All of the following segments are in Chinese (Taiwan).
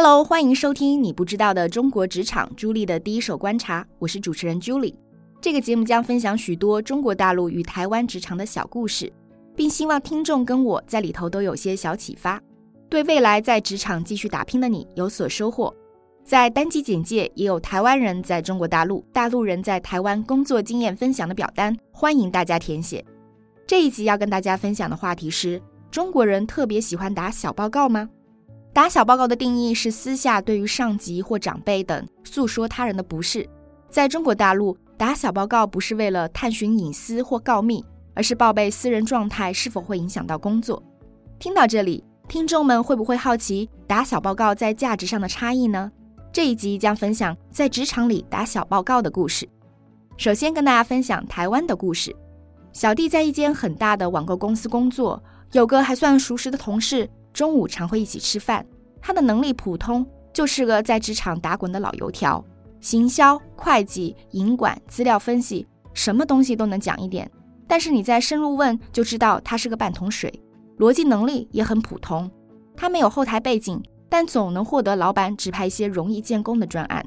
Hello，歡迎收聽你不知道的中國職場朱俐的第一手觀察，我是主持人朱俐。這個節目將分享許多中國大陸與台灣職場的小故事，並希望聽眾跟我在裡頭都有些小啟發，對未來在職場繼續打拼的你有所收穫。在單集簡介也有台灣人在中國大陸、大陸人在台灣工作經驗分享的表單，歡迎大家填寫。這一集要跟大家分享的話題是：中國人特別喜歡打小報告嗎？打小報告的定義是私下對於上級或長輩等訴說他人的不是。在中國大陸，打小報告不是為了探尋隱私或告密，而是報備私人狀態是否會影響到工作。聽到這裡，聽眾們會不會好奇打小報告在價值上的差異呢？這一集將分享在職場裡打小報告的故事。首先跟大家分享台灣的故事。小弟在一間很大的網購公司工作，有個還算熟識的同事，中午常會一起吃飯。他的能力普通，就是個在職場打滾的老油條，行銷、會計、營管、資料分析，什麼東西都能講一點。但是你再深入問，就知道他是個半桶水，邏輯能力也很普通。他沒有後台背景，但總能獲得老闆指派一些容易建功的專案。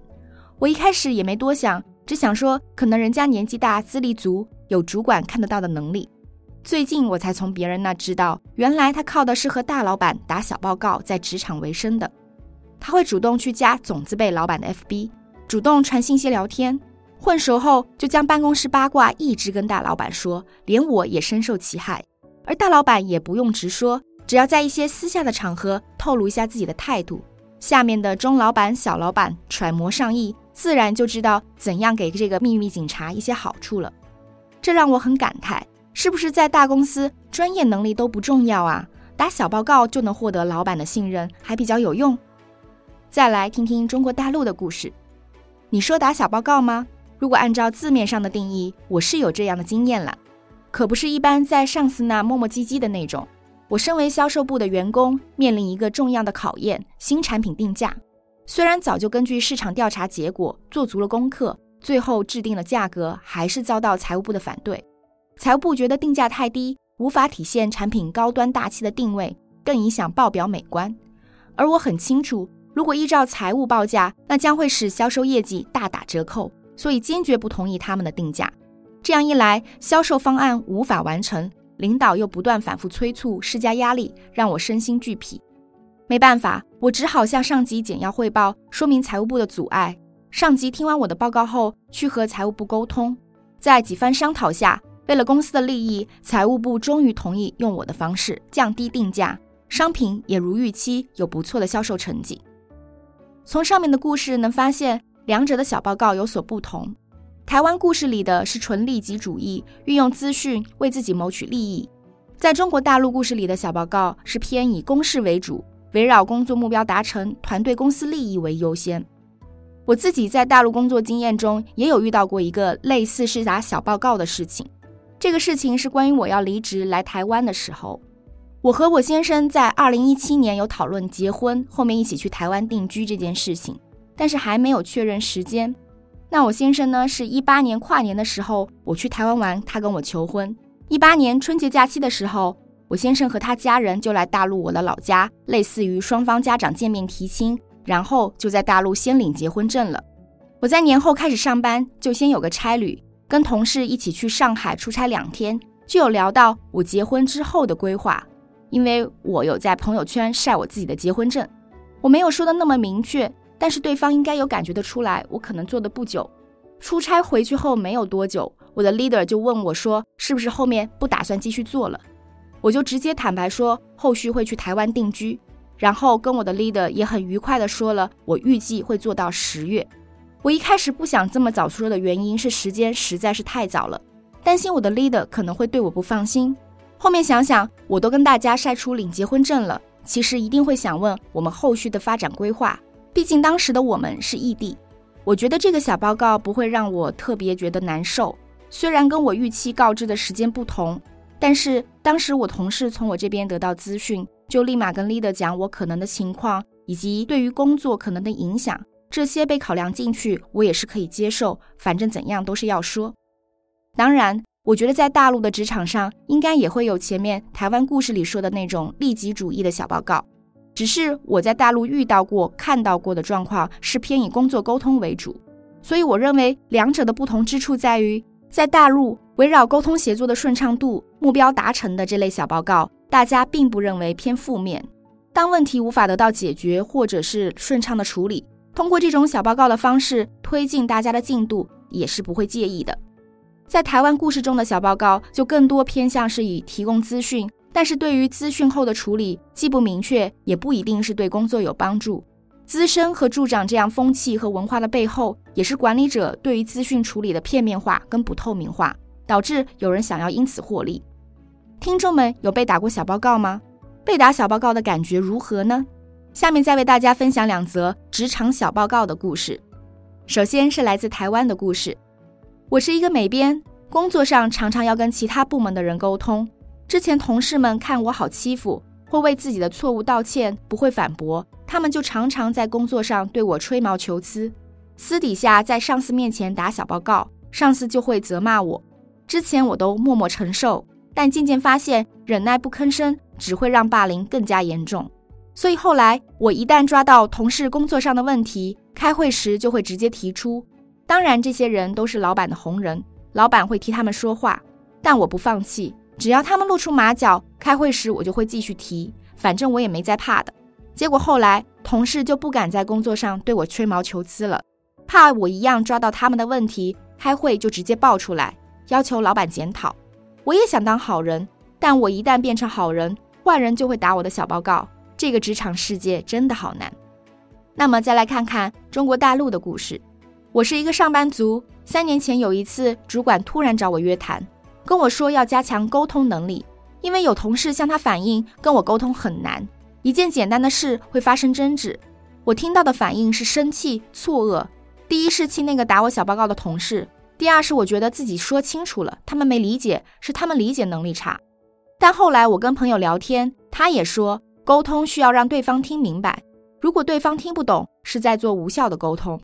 我一開始也沒多想，只想說可能人家年紀大、資歷足，有主管看得到的能力。最近我才從別人那知道，原來他靠的是和大老板打小報告在職場為生的。他會主動去加總字輩老板的 FB，主動傳信息聊天，混熟後就將辦公室八卦一直跟大老板說，連我也深受其害。而大老板也不用直說，只要在一些私下的場合透露一下自己的態度，下面的中老板、小老板揣摩上意，自然就知道怎樣給這個秘密警察一些好處了。這讓我很感慨。是不是在大公司，專業能力都不重要啊？打小報告就能獲得老板的信任，還比較有用。再來聽聽中國大陸的故事，你說打小報告嗎？如果按照字面上的定義，我是有這樣的經驗了，可不是一般在上司那磨磨唧唧的那種。我身為銷售部的員工，面臨一個重要的考驗——新產品定價。雖然早就根據市場調查結果做足了功課，最後制定了價格，還是遭到財務部的反對。財務部覺得定價太低，無法體現產品高端大氣的定位，更影響報表美觀。而我很清楚，如果依照財務報價，那將會使銷售業績大打折扣，所以堅決不同意他們的定價。這樣一來，銷售方案無法完成，領導又不斷反復催促，施加壓力，讓我身心俱疲。沒辦法，我只好向上級簡要匯報，說明財務部的阻礙。上級聽完我的報告後，去和財務部溝通，在幾番商討下，為了公司的利益，財務部終於同意用我的方式降低定價，商品也如預期有不錯的銷售成績。從上面的故事能發現，兩者的小報告有所不同。台灣故事裡的是純利己主義，運用資訊為自己謀取利益；在中國大陸故事裡的小報告是偏以公事為主，圍繞工作目標達成、團隊、公司利益為優先。我自己在大陸工作經驗中也有遇到過一個類似是打小報告的事情。這個事情是關於我要離職來台灣的時候，我和我先生在二零一七年有討論結婚，後面一起去台灣定居這件事情，但是還沒有確認時間。那我先生呢，是一八年跨年的時候我去台灣玩，他跟我求婚。一八年春節假期的時候，我先生和他家人就來大陸我的老家，類似於雙方家長見面提親，然後就在大陸先領結婚證了。我在年後開始上班，就先有個差旅。跟同事一起去上海出差兩天，就有聊到我結婚之後的規劃，因為我有在朋友圈曬我自己的結婚證，我沒有說的那麼明確，但是對方應該有感覺得出來我可能做的不久。出差回去後沒有多久，我的 leader 就問我說是不是後面不打算繼續做了，我就直接坦白說後續會去台灣定居，然後跟我的 leader 也很愉快的說了我預計會做到十月。我一開始不想這麼早說的原因是時間實在是太早了，擔心我的 leader 可能會對我不放心。後面想想，我都跟大家曬出領結婚證了，其實一定會想問我們後續的發展規劃。畢竟當時的我們是異地，我覺得這個小報告不會讓我特別覺得難受。雖然跟我預期告知的時間不同，但是當時我同事從我這邊得到資訊，就立馬跟 leader 講我可能的情況以及對於工作可能的影響。這些被考量進去，我也是可以接受。反正怎樣都是要說。當然，我覺得在大陸的職場上，應該也會有前面台灣故事裡說的那種利己主義的小報告。只是我在大陸遇到過、看到過的狀況是偏以工作溝通為主，所以我認為兩者的不同之處在於，在大陸圍繞溝通協作的順暢度、目標達成的這類小報告，大家並不認為偏負面。當問題無法得到解決，或者是順暢的處理。通過這種小報告的方式推進大家的進度，也是不會介意的。在台灣故事中的小報告，就更多偏向是以提供資訊，但是對於資訊後的處理，既不明確，也不一定是對工作有幫助。滋生和助長這樣風氣和文化的背後，也是管理者對於資訊處理的片面化跟不透明化，導致有人想要因此獲利。聽眾們有被打過小報告嗎？被打小報告的感覺如何呢？下面再為大家分享兩則職場小報告的故事。首先是來自台灣的故事。我是一個美編，工作上常常要跟其他部門的人溝通。之前同事們看我好欺負，會為自己的錯誤道歉，不會反駁，他們就常常在工作上對我吹毛求疵，私底下在上司面前打小報告，上司就會責罵我。之前我都默默承受，但漸漸發現忍耐不吭聲只會讓霸凌更加嚴重。所以後來，我一旦抓到同事工作上的問題，開會時就會直接提出。當然，這些人都是老闆的紅人，老闆會替他們說話，但我不放棄。只要他們露出馬腳，開會時我就會繼續提。反正我也沒在怕的。結果後來，同事就不敢在工作上對我吹毛求疵了，怕我一樣抓到他們的問題，開會就直接爆出來，要求老闆檢討。我也想當好人，但我一旦變成好人，壞人就會打我的小報告。這個職場世界真的好難。那麼再來看看中國大陸的故事。我是一個上班族，三年前有一次，主管突然找我約談，跟我說要加強溝通能力，因為有同事向他反映跟我溝通很難，一件簡單的事會發生爭執。我聽到的反應是生氣、錯愕。第一是氣那個打我小報告的同事，第二是我覺得自己說清楚了，他們沒理解，是他們理解能力差。但後來我跟朋友聊天，他也說。溝通需要讓對方聽明白，如果對方聽不懂，是在做無效的溝通。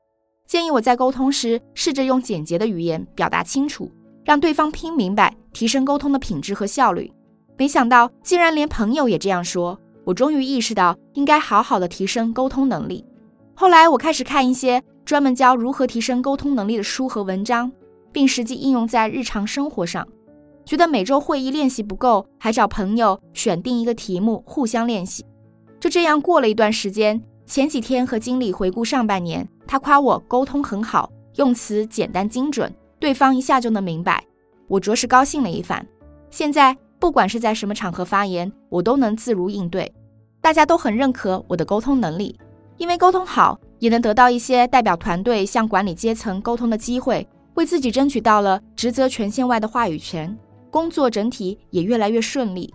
建議我在溝通時，試着用簡潔的語言表達清楚，讓對方聽明白，提升溝通的品質和效率。沒想到竟然連朋友也這樣說，我終於意識到應該好好的提升溝通能力。後來我開始看一些專門教如何提升溝通能力的書和文章，並實際應用在日常生活上。覺得每周會議練習不夠，還找朋友選定一個題目互相練習。就這樣過了一段時間，前幾天和經理回顧上半年，他誇我溝通很好，用詞簡單精準，對方一下就能明白。我着實高興了一番。現在不管是在什麼場合發言，我都能自如應對，大家都很認可我的溝通能力。因為溝通好，也能得到一些代表團隊向管理階層溝通的機會，為自己爭取到了職責權限外的話語權。工作整體也越來越順利。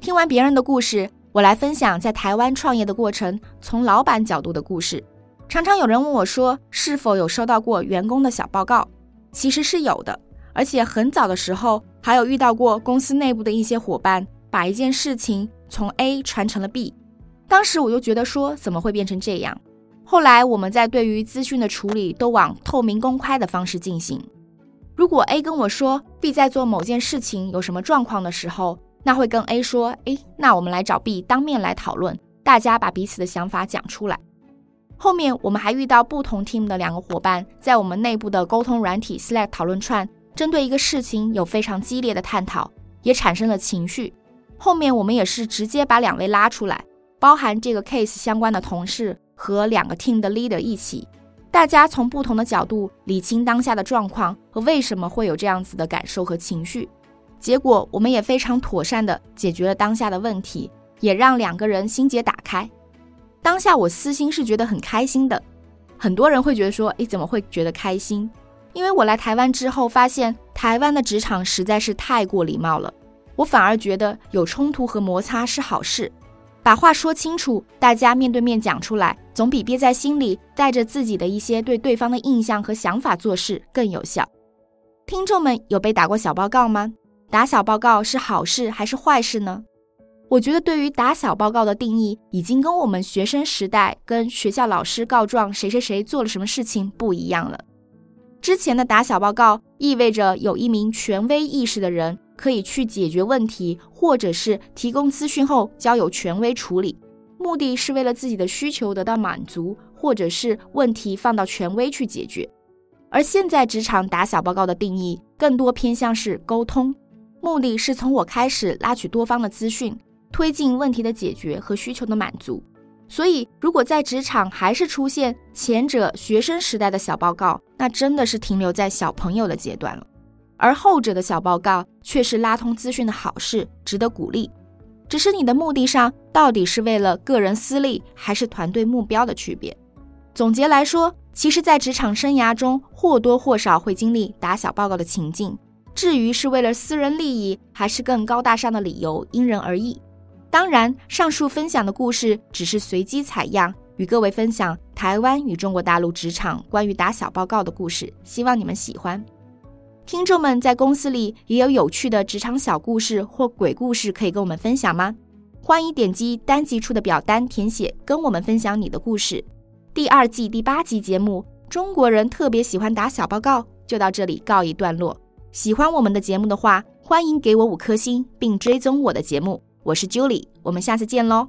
聽完別人的故事，我來分享在台灣創業的過程，從老闆角度的故事。常常有人問我說，是否有收到過員工的小報告？其實是有的，而且很早的時候還有遇到過公司內部的一些夥伴把一件事情從 A 傳成了 B。當時我就覺得說，怎麼會變成這樣？後來我們在對於資訊的處理都往透明公開的方式進行。如果 A 跟我說 B 在做某件事情有什麼狀況的時候，那會跟 A 說：“哎，那我們來找 B 當面來討論，大家把彼此的想法講出來。”後面我們還遇到不同 team 的兩個伙伴在我們內部的溝通軟體 Slack 討論串，針對一個事情有非常激烈的探討，也產生了情緒。後面我們也是直接把兩位拉出來，包含這個 case 相關的同事和兩個 team 的 leader 一起。大家從不同的角度理清當下的狀況和為什麼會有這樣子的感受和情緒，結果我們也非常妥善地解決了當下的問題，也讓兩個人心結打開。當下我私心是覺得很開心的，很多人會覺得說：“誒，怎麼會覺得開心？”因為我來台灣之後發現台灣的職場實在是太過禮貌了，我反而覺得有衝突和摩擦是好事，把話說清楚，大家面對面講出來。總比憋在心裡，帶着自己的一些對對方的印象和想法做事更有效。聽眾們有被打過小報告嗎？打小報告是好事還是壞事呢？我覺得對於打小報告的定義，已經跟我們學生時代跟學校老師告狀誰誰誰做了什麼事情不一樣了。之前的打小報告意味着有一名權威意識的人可以去解決問題，或者是提供資訊後交由權威處理。目的是為了自己的需求得到滿足，或者是問題放到權威去解決。而現在職場打小報告的定義更多偏向是溝通，目的是從我開始拉取多方的資訊，推進問題的解決和需求的滿足。所以，如果在職場還是出現前者學生時代的小報告，那真的是停留在小朋友的階段了；而後者的小報告卻是拉通資訊的好事，值得鼓勵。只是你的目的上，到底是為了個人私利還是團隊目標的區別？總結來說，其實在職場生涯中，或多或少會經歷打小報告的情境。至於是為了私人利益還是更高大上的理由，因人而異。當然，上述分享的故事只是隨機採樣，與各位分享台灣與中國大陸職場關於打小報告的故事，希望你們喜歡。聽眾們在公司裡也有有趣的職場小故事或鬼故事可以跟我們分享嗎？歡迎點擊單集處的表單填寫，跟我們分享你的故事。第二季第八集節目《中國人特別喜歡打小報告》就到這裡告一段落。喜歡我們的節目的話，歡迎給我五顆星並追蹤我的節目。我是 Julie，我們下次見嘍。